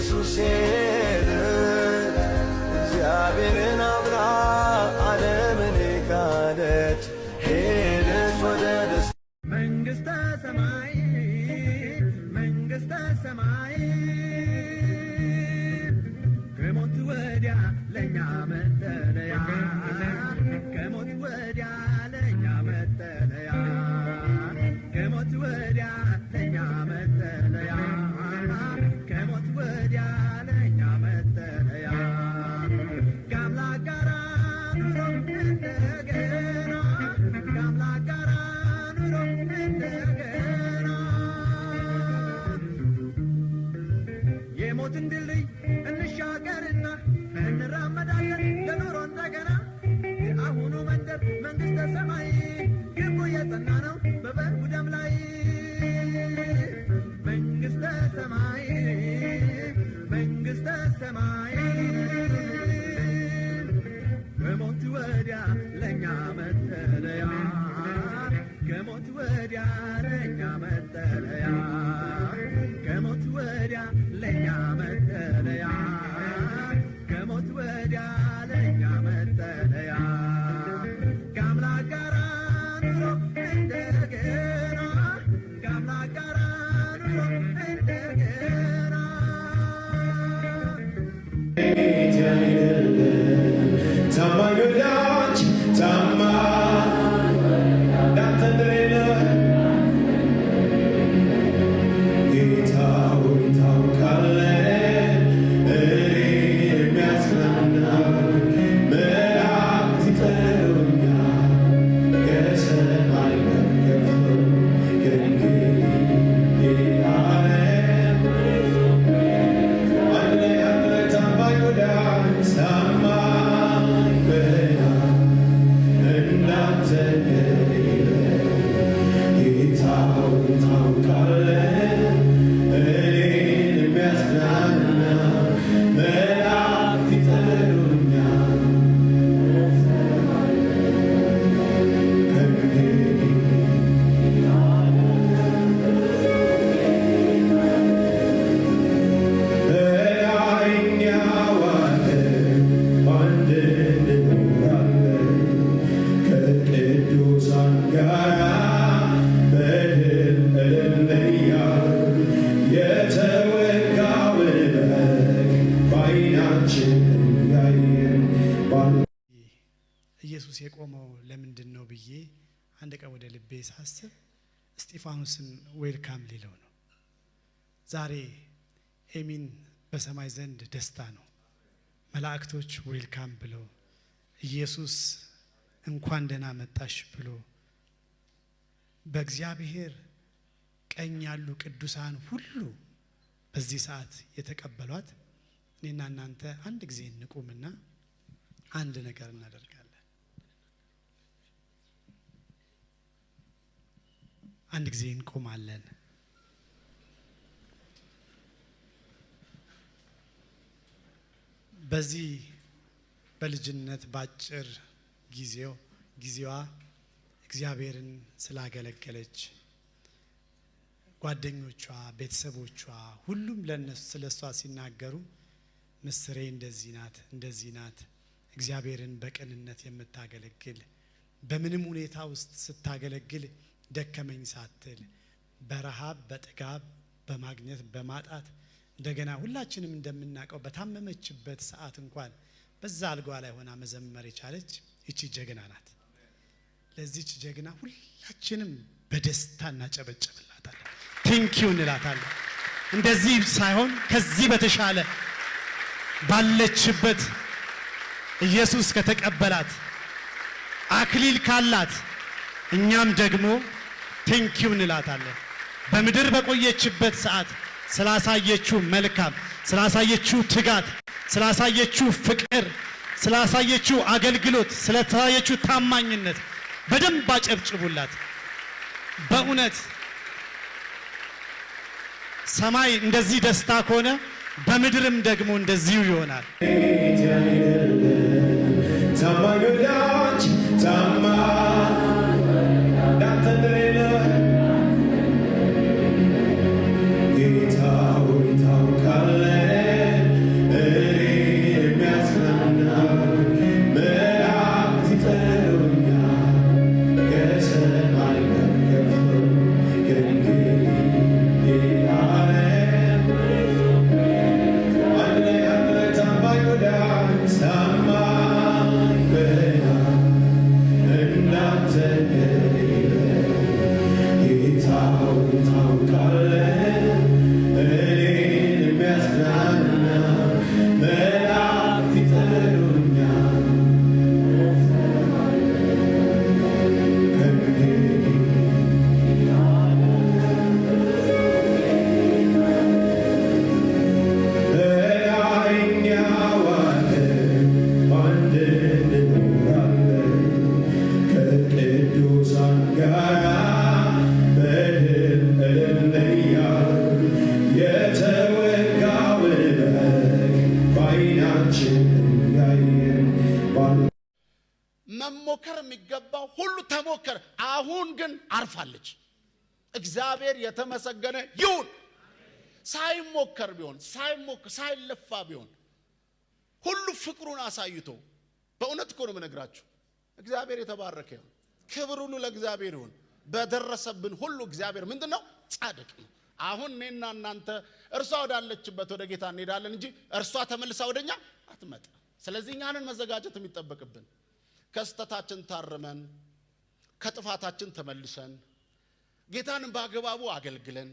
ኢየሱስ እግዚአብሔርን አምና ዓለምን ካደች ሄደች ወደ ደስ መንግሥተ ሰማይ መንግሥተ ሰማይ ከሞት ወዲያ ለእኛ መጠለያ ከሞት ወዲያ ለእኛ መጠለያ ከሞት ወዲያ ሰማይን ከሞት ወዲያ ለእኛ መጠለያ Good job. ክርስቶስ የቆመው ለምንድን ነው ብዬ አንድ ቀን ወደ ልቤ ሳስብ እስጢፋኖስን ዌልካም ሊለው ነው። ዛሬ ኤሚን በሰማይ ዘንድ ደስታ ነው። መላእክቶች ዌልካም ብለው ኢየሱስ እንኳን ደህና መጣሽ ብሎ በእግዚአብሔር ቀኝ ያሉ ቅዱሳን ሁሉ በዚህ ሰዓት የተቀበሏት እኔና እናንተ አንድ ጊዜ እንቁምና አንድ ነገር እናደርጋል አንድ ጊዜ እንቆማለን። በዚህ በልጅነት ባጭር ጊዜው ጊዜዋ እግዚአብሔርን ስላገለገለች ጓደኞቿ፣ ቤተሰቦቿ ሁሉም ለነሱ ስለ እሷ ሲናገሩ ምስሬ እንደዚህ ናት እንደዚህ ናት እግዚአብሔርን በቅንነት የምታገለግል በምንም ሁኔታ ውስጥ ስታገለግል ደከመኝ ሳትል በረሃብ በጥጋብ በማግኘት በማጣት እንደገና ሁላችንም እንደምናውቀው በታመመችበት ሰዓት እንኳን በዛ አልጓ ላይ ሆና መዘመር የቻለች ይቺ ጀግና ናት። ለዚች ጀግና ሁላችንም በደስታ እናጨበጨብላታለን፣ ቴንኪው እንላታለን። እንደዚህ ሳይሆን ከዚህ በተሻለ ባለችበት ኢየሱስ ከተቀበላት አክሊል ካላት እኛም ደግሞ ቴንኪው እንላታለን። በምድር በቆየችበት ሰዓት ስላሳየችው መልካም፣ ስላሳየችው ትጋት፣ ስላሳየችው ፍቅር፣ ስላሳየችው አገልግሎት፣ ስላሳየችው ታማኝነት በደንብ አጨብጭቡላት። በእውነት ሰማይ እንደዚህ ደስታ ከሆነ በምድርም ደግሞ እንደዚሁ ይሆናል። መሞከር የሚገባው ሁሉ ተሞከር አሁን ግን አርፋለች። እግዚአብሔር የተመሰገነ ይሁን። ሳይሞከር ቢሆን ሳይሞከር ሳይለፋ ቢሆን ሁሉ ፍቅሩን አሳይቶ በእውነት እኮ ነው የምነግራችሁ። እግዚአብሔር የተባረከ ይሁን። ክብር ሁሉ ለእግዚአብሔር ይሁን። በደረሰብን ሁሉ እግዚአብሔር ምንድን ነው? ጻድቅ ነው። አሁን እኔና እናንተ እርሷ ወዳለችበት ወደ ጌታ እንሄዳለን እንጂ እርሷ ተመልሳ ወደኛ አትመጣ። ስለዚህ እኛንን መዘጋጀት የሚጠበቅብን ከስተታችን ታርመን ከጥፋታችን ተመልሰን ጌታንን በአግባቡ አገልግለን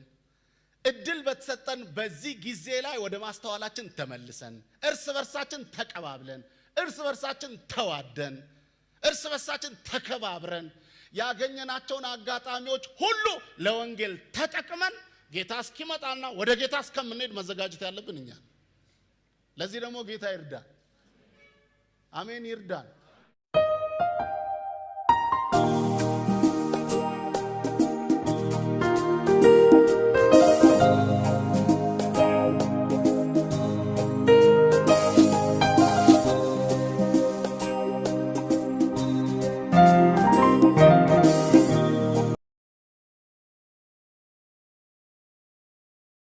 እድል በተሰጠን በዚህ ጊዜ ላይ ወደ ማስተዋላችን ተመልሰን እርስ በርሳችን ተቀባብለን እርስ በርሳችን ተዋደን እርስ በርሳችን ተከባብረን ያገኘናቸውን አጋጣሚዎች ሁሉ ለወንጌል ተጠቅመን ጌታ እስኪመጣና ወደ ጌታ እስከምንሄድ መዘጋጀት ያለብን እኛ። ለዚህ ደግሞ ጌታ ይርዳል። Amin Irdan.